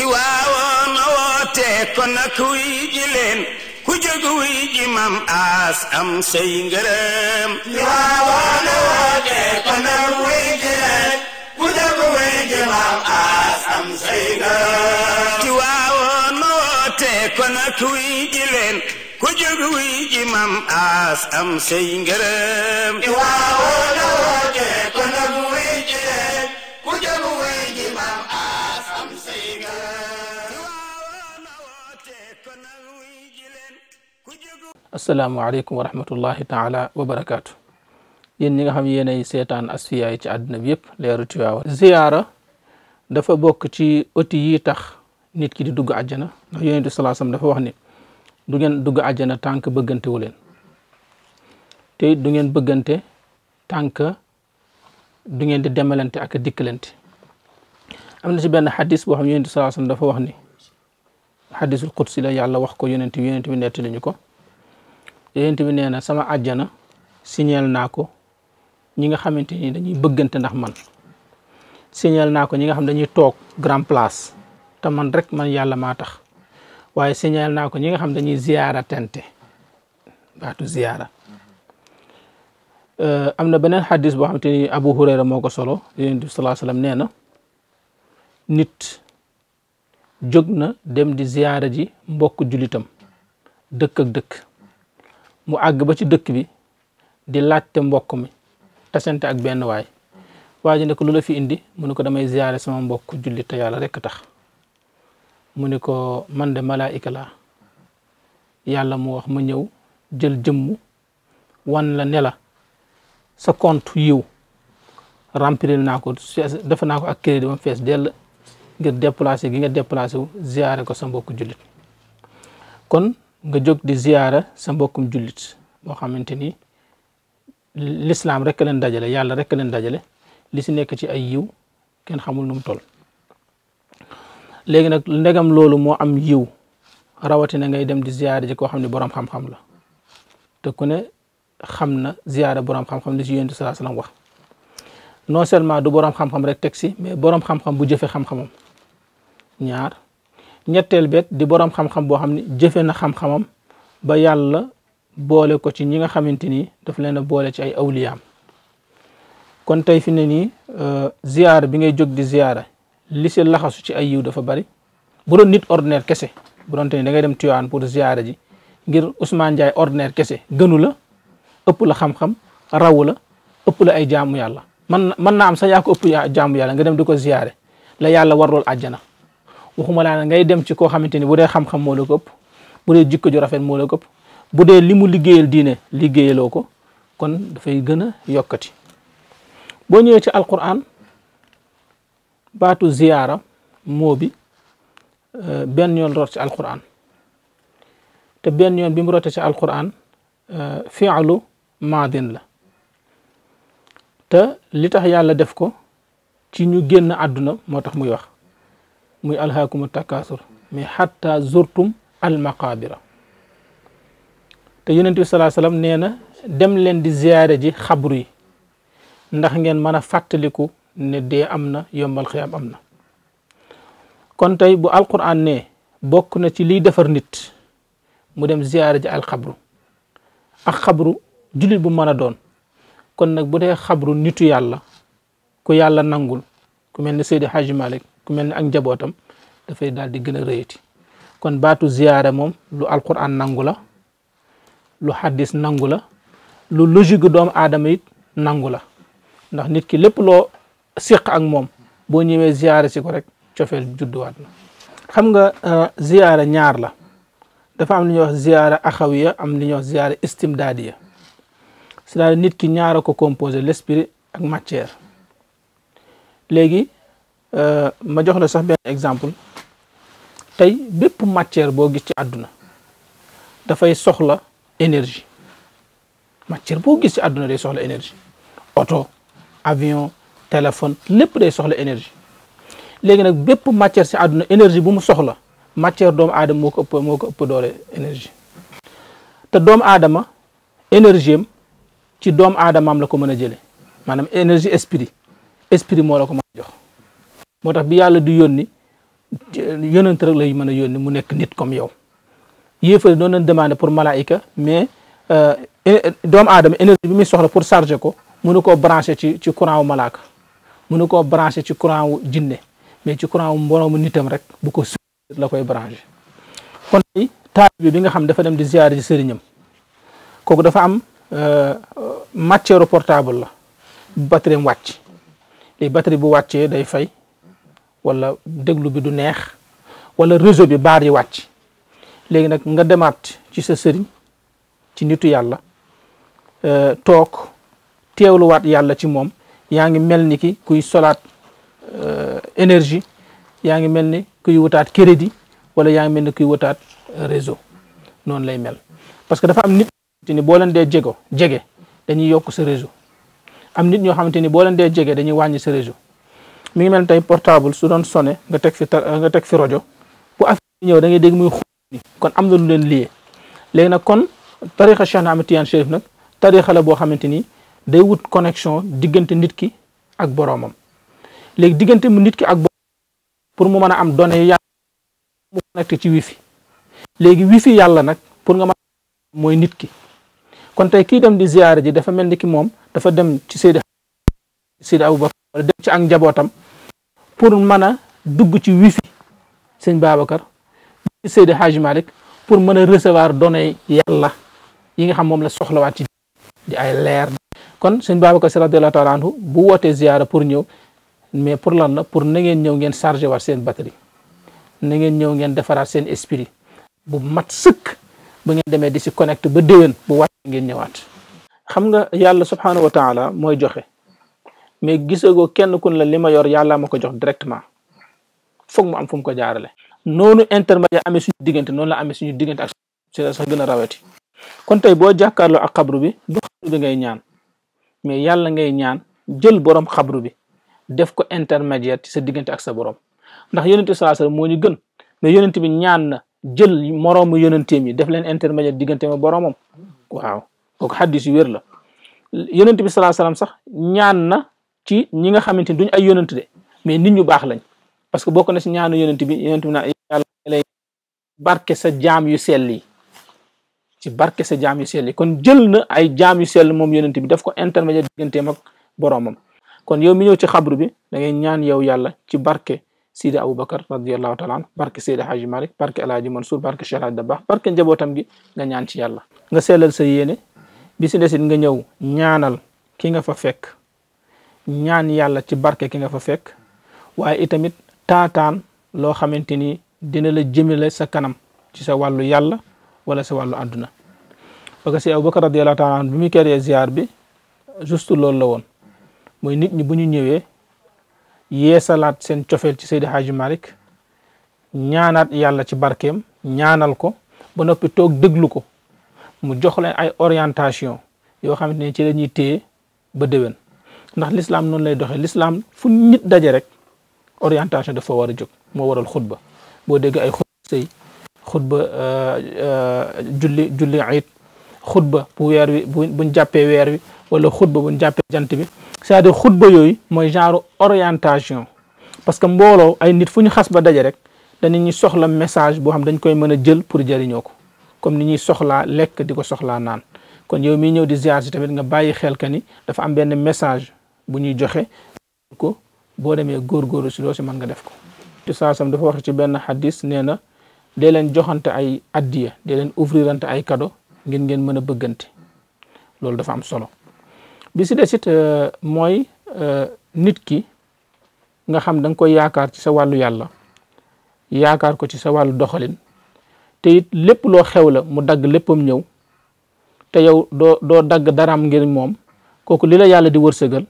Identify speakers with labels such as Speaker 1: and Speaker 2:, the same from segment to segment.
Speaker 1: ci waawoon a woote kon nag wuy ku jóg wuy ji mam aas am say ngërëm ci waawoon a woote kon nag wuy ku jóg wuy ji mam aas am say ngërëm asalaamaaleykum wa rahmatullahi taala wa barakaatu yéen ñi nga xam yéenay seetaan asfiya yi ci àddina bi yëpp leeru Tiwaawan ziyaara dafa bokk ci oti yi tax nit ki di dugg àjjana ndax yonent bi dafa wax ni du ngeen dugg àjjana tànk bëggante wu leen te du ngeen bëggante tànk du ngeen di demalante ak dikkalante am na ci benn xadis boo xam yonent bi salaa sallam dafa wax ni xadisul qudsi la yàlla wax ko yonent bi yonent bi nettali ñu ko yonent bi nee na sama àjjana signal naa ko ñi nga xamante ni dañuy bëggante ndax man signal naa ko ñi nga xam dañuy toog grand place te man rek man yàlla maa tax waaye signal naa ko ñi nga xam dañuy ziyaara tente baatu ziyaara euh, am na beneen xaddis boo xamante ni Abu Hurayra moo ko solo yonent bi sallallahu alayhi wasallam nee na nit jóg na dem di ziyaara ji mbokk julitam dëkk dëkk mu àgg ba ci dëkk bi di laajte mbokk mi tasante ak benn waay waa ji ne ko lu la fi indi mu ne ko damay ziyaare sama mbokk jullit te yàlla rekk tax mu ne ko man de malaayika laa yàlla mu wax ma ñëw jël jëmm wan la ne sa compte yiw remplir naa ko defe naa ko ak crédit ba mu fees dell ngir déplacé gi nga déplacé wu ziyaare ko sa mbokk jullit kon nga jóg di ziyaara sa mbokkum jullit boo xamante ni lislaam rek leen dajale yàlla rek leen dajale li si nekk ci ay yiw kenn xamul nu mu toll léegi nag ndegam loolu moo am yiw rawatina ngay dem di ziyaara ji koo xam ne boroom xam-xam la te ku ne xam na ziyaara boroom xam-xam li si yonent salaa salaam wax non seulement du boroom xam-xam rek teg si mais boroom xam-xam bu jëfe xam-xamam ñaar ñettel bet di borom xam-xam bo xamni jëfe na xam-xamam ba yàlla boole ko ci ñi nga xamanteni daf leen a boole ci ay awliyaam kon tey fi ne nii ziyaara bi ngay jóg di ziyaara li si laxasu ci ay yiw dafa bari bu doon nit ordinaire kese bu doon te da ngay dem Tivaouane pour ziyaara ji ngir Ousmane Ndiaye ordinaire kese gënu la ëpp la xam-xam raw la ëpp la ay jaamu yàlla man man na am sa yaa ko ëpp jaamu yàlla nga dem di ko ziyaare la yàlla warlool àjjana waxuma laa ngay dem ci koo xamante ni bu dee xam-xam moo la ko ëpp bu dee jikko ju rafet moo la ko ëpp bu dee li mu liggéeyal diine liggéeyaloo ko kon dafay gën a yokkati boo ñëwee ci alquran baatu ziyaara moo bi benn yoon rot ci alquran te benn yoon bi mu rote ci alquran fi'lu maadin la te li tax yàlla def ko ci ñu génn àdduna moo tax muy wax muy alhaakum takasur mais xatta zurtum almaqabira te yonent bi salaa salaam nee na dem leen di ziyaare ji xabru yi ndax ngeen mën a fàttaliku ne dee am na yombal xiyaam am na kon tey bu alquran ne bokk na ci liy defar nit mu dem ziyaare ji alxabru ak xabru jullit bu mën a doon kon nag bu dee xabru nitu yàlla ku yàlla nangul ku mel ne Seydi Hadji Malick ku mel ne ak njabootam dafay daal di gën a rëyati kon baatu ziyaara moom lu alquran nangu la lu xaddis nangu la lu logique doomu aadama it nangu la ndax nit ki lépp loo siq ak moom boo ñëwee ziyaara si ko rek cofeel judduwaat na xam nga euh, ziyaara ñaar la dafa am li ñuy wax ziyaara axawiya am li ñuy wax ziyaara istimdaadiya cest à nit ki ñaara ko composé l'esprit ak matière léegi Euh, ma jox la sax benn exemple tey bépp matière boo gis ci àdduna dafay soxla énergie matière boo gis ci àdduna day soxla énergie oto avion téléphone lépp day soxla énergie léegi nag bépp matière si àdduna énergie bu mu soxla matière doomu aadama moo ko ëpp moo ko ëpp doole énergie te doomu aadama énergie am ci doomu aadamaam la ko mën a jëlee maanaam énergie esprit esprit moo la ko mën jox moo tax bi yàlla di yónni yonent la yi mën a yónni mu nekk nit comme yow yéefari doon nañ demandé pour malaayika mais euh, doomu aadama énergie bi muy soxla pour charger ko mënu koo branché ci ci courant wu malaaka mënu koo branché ci courant wu jinne mais ci courant wu mboroomu nitam rek bu ko suur la koy branché kon tey bi bi nga xam dafa dem di ziyaare ji sëriñam kooku dafa am euh, matière portable la batterie wàcc léegi batterie bu wàccee day fay wala déglu bi du neex wala réseau bi baar yi wàcc léegi nag nga demaat ci sa sëriñ ci nitu yàlla euh, toog teewluwaat yàlla ci moom yaa ngi mel ni ki kuy solaat euh, énergie yaa ngi mel ni kuy wutaat crédit wala yaa ngi mel ni kuy wutaat réseau noonu lay mel parce que dafa am nit ni boo leen dee jego jege dañuy yokk sa réseau am nit ñoo xamante ni boo leen dee jege dañuy wàññi sa réseau mi ngi mel tey portable su doon sonné nga teg fi nga teg fi rajo bu affaire ñëw da ngay dégg muy xuni kon am na lu leen lié léegi nag kon tarixa Cheikh na nag tarixa la boo xamante ni day wut connexion diggante nit ki ak boroomam léegi diggante mu nit ki ak mu mën a am données yàlla mu connecté ci wifi léegi wifi yàlla nag pour nga mën mooy nit ki kon tey kii dem di ziyaare ji dafa mel ni ki moom dafa dem ci Seydi Seydi Abubakar wala dem ci ak njabootam pour mëna dugg ci wifi sëñ babakar, ci Seydi haji malik pour mëna recevoir données yalla yi nga xam mom la wat ci di ay lèr kon sëñ babakar sallallahu radiallahu taala anhu bu woté ziara pour ñëw mais pour lan la pour na ngeen ñëw ngeen charger wat seen batterie na ngeen ñëw ngeen seen esprit bu mat sëkk ba ngeen démé di ci connect ba deewen bu wat ngeen ñëwaat xam nga yalla subhanahu wa taala moy joxe mais gisagoo kenn kun la li ma yor yàlla ma ko jox directement foog mu am fu mu ko jaarale noonu intermédiaire amee suñu diggante noonu la amee suñu diggante ak sax gën a rawati kon tey boo jàkkaarloo ak xabru bi du xabru bi ngay ñaan mais yàlla ngay ñaan jël borom xabru bi def ko intermédiaire ci sa diggante ak sa borom ndax yonente salaa sallam moo ñu gën mais yonente bi ñaan na jël moroomu yonenteem yi def leen intermédiaire diggante ma boromam waaw kooku xaddis la ci ñi nga xamante ni duñ ay yonent de mais nit ñu baax lañ parce que bokk na si ñaanu yonent bi yonent na yàlla sa jaam yu sell ci sa jaam yu sell kon jël na ay jaam yu sell mom yonent bi daf ko intermédiaire digganteem ak boromam kon yow mi ñëw ci xabru bi da ngay ñaan yow yalla ci barke sidi abubakar radiallahu taala an barke seydi haji malik barke alhaji mansour barke cheikh alhaji dabakh barke njabootam gi nga ñaan ci yàlla nga sellal sa yéene bi desit nga ñëw ñaanal ki nga fa fekk ñaan yàlla ci barke ki nga fa fekk waaye itamit taataan loo xamante ni dina la jëmale sa kanam ci sa wàllu yàlla wala sa wàllu àdduna parce que si Abubakar radiyallahu taala anhu bi muy keree ziar bi juste loolu la woon mooy nit ñi bu ñu ñëwee yeesalaat seen cofeel ci Seydi Hadji Malick ñaanaat yàlla ci barkeem ñaanal ko ba noppi toog déglu ko mu jox leen ay orientation yoo xamante ne ci la ñuy ba déwén ndax l'islam noonu lay doxee l'islam fu nit daje rek orientation dafa war a jóg moo waral xutba boo dégg ay xutba sëy xutba euh, euh, julli julli it xutba bu weer wi bu buñ jàppee weer wi wala xutba buñ jàppee jant bi c'est-à-dire xutba yooyu mooy genre orientation parce que mbooloo ay nit fu ñu xas ba daje rek dañuy soxla message boo xam dañ koy mën a jël pour jëriñoo ko comme ni ñuy soxlaa lekk di ko soxlaa naan kon yow miy ñëw di ziar si tamit nga bàyyi xel ka ni dafa am benn message bu ñuy joxe ko boo demee góorgóorlu si loo si man nga def ko te saasam dafa waxe ci benn xadis nee na dee leen joxante ay addiya dee leen ouvrirante ay kado ngeen ngeen mën a bëggante loolu dafa am solo bi si des it euh, mooy euh, nit ki nga xam da koy yaakaar ci sa wàllu yàlla yaakaar ko ci sa wàllu doxalin te it lépp loo xew la mu dagg léppam ñëw te yow doo doo dagg daraam ngir moom kooku li la yàlla di wërsëgal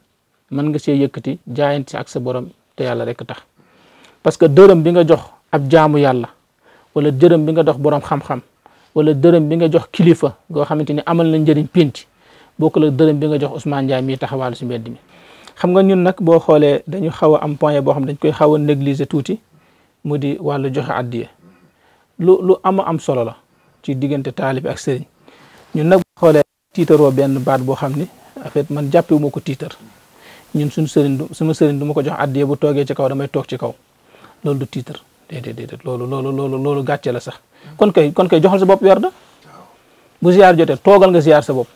Speaker 1: mën nga see yëkkati jaayante ak sa borom te yàlla rek tax parce que dërëm bi nga jox ab jaamu yàlla wala dërëm bi nga dox borom xam-xam wala dërëm bi nga jox kilifa goo xamante ni amal na njëriñ pénc bokk la dërëm bi nga jox Ousmane Ndiaye mi taxawaalu si mbedd mi. xam nga ñun nag boo xoolee dañu xaw a am point boo xam dañ koy xaw a négliger tuuti di wàllu joxe addiya lu lu ama am solo la ci diggante taalibi ak sëriñ ñun nag boo xoolee benn baat boo xam ni en fait man jàppewuma ko tiitar. ñun suñu sëriñ du sama sëriñ du ma ko jox addiya bu toogee ci kaw damay toog ci kaw loolu du titre déedéet loolu loolu loolu loolu gàcce la sax kon kay kon kay joxal sa bopp werd bu ziar jotee toogal nga ziar sa bopp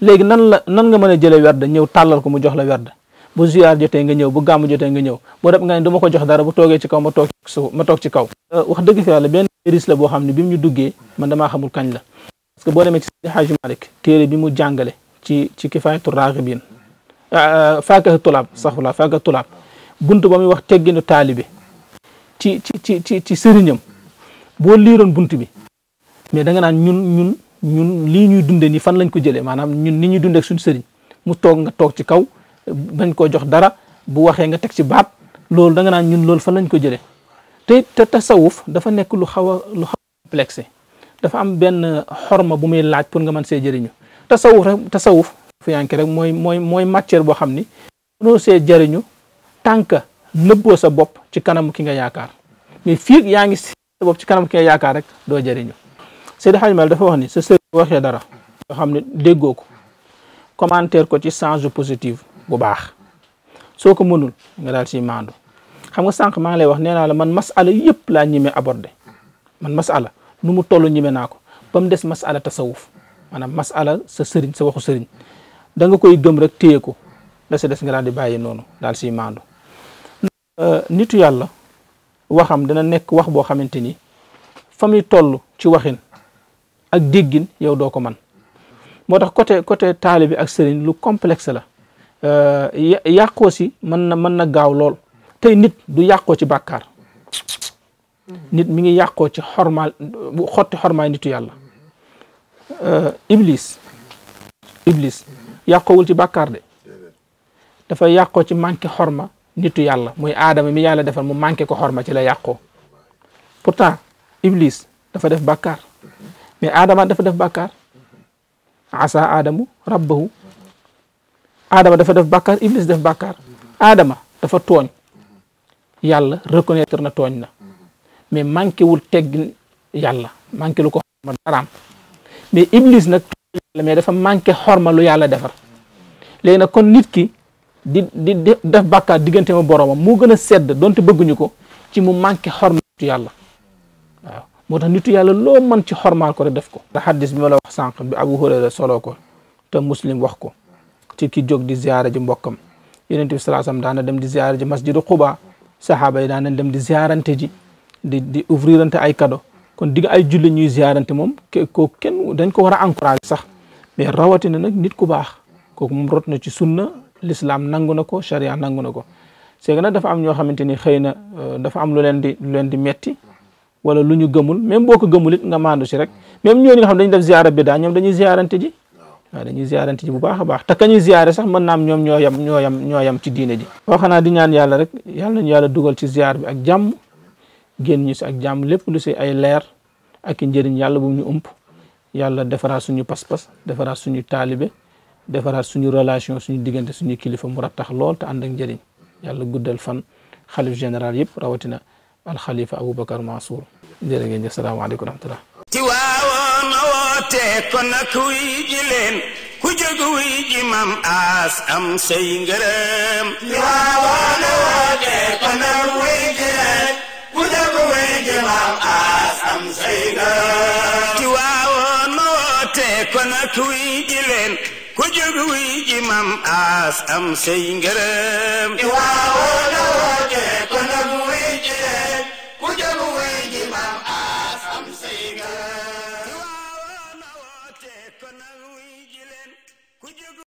Speaker 1: léegi nan la nan nga mën a jëlee werd ñëw tàllal ko mu jox la werd bu ziar jotee nga ñëw bu gàmm jotee nga ñëw boo def nga ne du ma ko jox dara bu toogee ci kaw ma toog ci ma toog ci kaw euh, wax dëgg fi yàlla benn risque la boo xam ne bi mu ñu duggee man damaa xamul kañ la parce que boo demee ci Seydi Hajji Malick téere bi mu jàngale ci ci Kifaayatur Raaxibiin Ah, ah, faakasa tulaab saxula faakasa tulaab bunt ba muy wax tegginu taalibe ci ci ci ci ci sëriñam boo liiroon bunt bi mais danga naan ñun ñun ñun lii ñuy dunde ni fan lañ ko jëlee maanaam ñun ni ñuy dundee ak suñu mu toog nga toog ci kaw bañ koo jox dara bu waxee nga teg ci baat loolu da naan ñun loolu fan lañ ko jëlee te te tasawuf dafa nekk lu xaw a lu xaw a dafa am benn xorma bu muy laaj pour nga mën see jëriñu tasawuf tasawuf fiyanke rek mooy mooy mooy matière boo xam ni mënoo see jëriñu tànk nëbboo sa bopp ci kanam ki nga yaakaar mais fii yaa ngi si sa bopp ci kanam ki nga yaakaar rek doo jariñu Seydi Hadji Malick dafa wax ni sa sëriñ waxee dara yoo xam ne déggoo ko commentaire ko ci sens bu baax soo ko mënul nga daal si maandu xam nga sànq maa ngi lay wax nee naa la man masala yëpp laa ñime abordé man masala nu mu toll ñime naa ko ba mu des masala tasawuf maanaam masala sa sëriñ sa waxu sëriñ da nga koy gëm rek téye ko la sa des nga daan di bàyyi noonu daal siy maandu. Euh, nitu yàlla waxam dana nekk wax boo xamante ni fa muy ci waxin ak déggin yow doo ko man moo tax côté côté taalibe ak sëriñ lu complexe la euh, yàqoo si mën na mën na gaaw lool tey nit du yàqoo ci bàkkaar nit mi ngi yàqoo ci xormaal bu xotti xormaay nitu yàlla euh, iblis iblis yàqowul ci bàkkaar de dafa yàqoo ci manqué xorma nitu yàlla muy aadama mi yàlla defal mu manqué ko xorma ci la yàqoo pourtant iblis dafa def bàkkaar mais aadama dafa def bàkkaar asa aadamu rabbahu aadama dafa def bàkkaar iblis def bàkkaar aadama dafa tooñ yàlla reconnaître na tooñ na mais manqué wul teggin yàlla manqué lu ko xorma daraam mais iblis lu yàlla defar léegi nag kon nit ki di di def bàkkaar diggante ma boromam moo gën a sedd donte bëgguñu ko ci mu manqué xormatu yàlla waaw moo tax nitu yàlla loo mën ci xormaal ko rek def ko te xaddis bi ma la wax sànq bi Abu Hurayra solo ko te muslim wax ko ci ki jog di ziyaara ji mbokkam yonent bi sallallahu alayhi wasallam daana dem di ziyaara ji masjidu Quba sahaaba yi daana dem di ziyaarante ji di di ouvrirante ay kado kon digg ay julli ñuy ziyaarante moom ko kenn dañ ko war a encouragé sax mais rawatina nag nit ku baax kooku moom rotna ci sunna l'islam nanguna ko sharia nanguna ko c'est que nag dafa am ño xamanteni xeyna euh, dafa am lu len di lu len di metti wala luñu gëmul même boko ko gëmul it nga mandu ci rek même ni nga xam dañu def ziara bi daa ñoom dañuy ziarante ji waaw dañuy ziarante ji bu baaxa baax ta kañu ziare sax mën naam ñom ño yam ño yam ño yam ci diine ji boo xanaa di ñaan yalla rek yalla ñu yalla dugal ci ziar bi ak jamm génn ñu ci ak jamm lepp lu sey ay leer ak i njëriñ yàlla bu ñu ump yalla defara suñu pass pass defara suñu talibé defaraat suñu relation suñu diggante suñu kilifa mu rattax lool yëpp rawatina alxalifa woote kon nag wuy ji leen ku jóg aas am say ngërëm ci waawoon woote kon nag wuy ji ku jóg wuy ji mam aas am say ngërëm. di waawoo la woote kon nag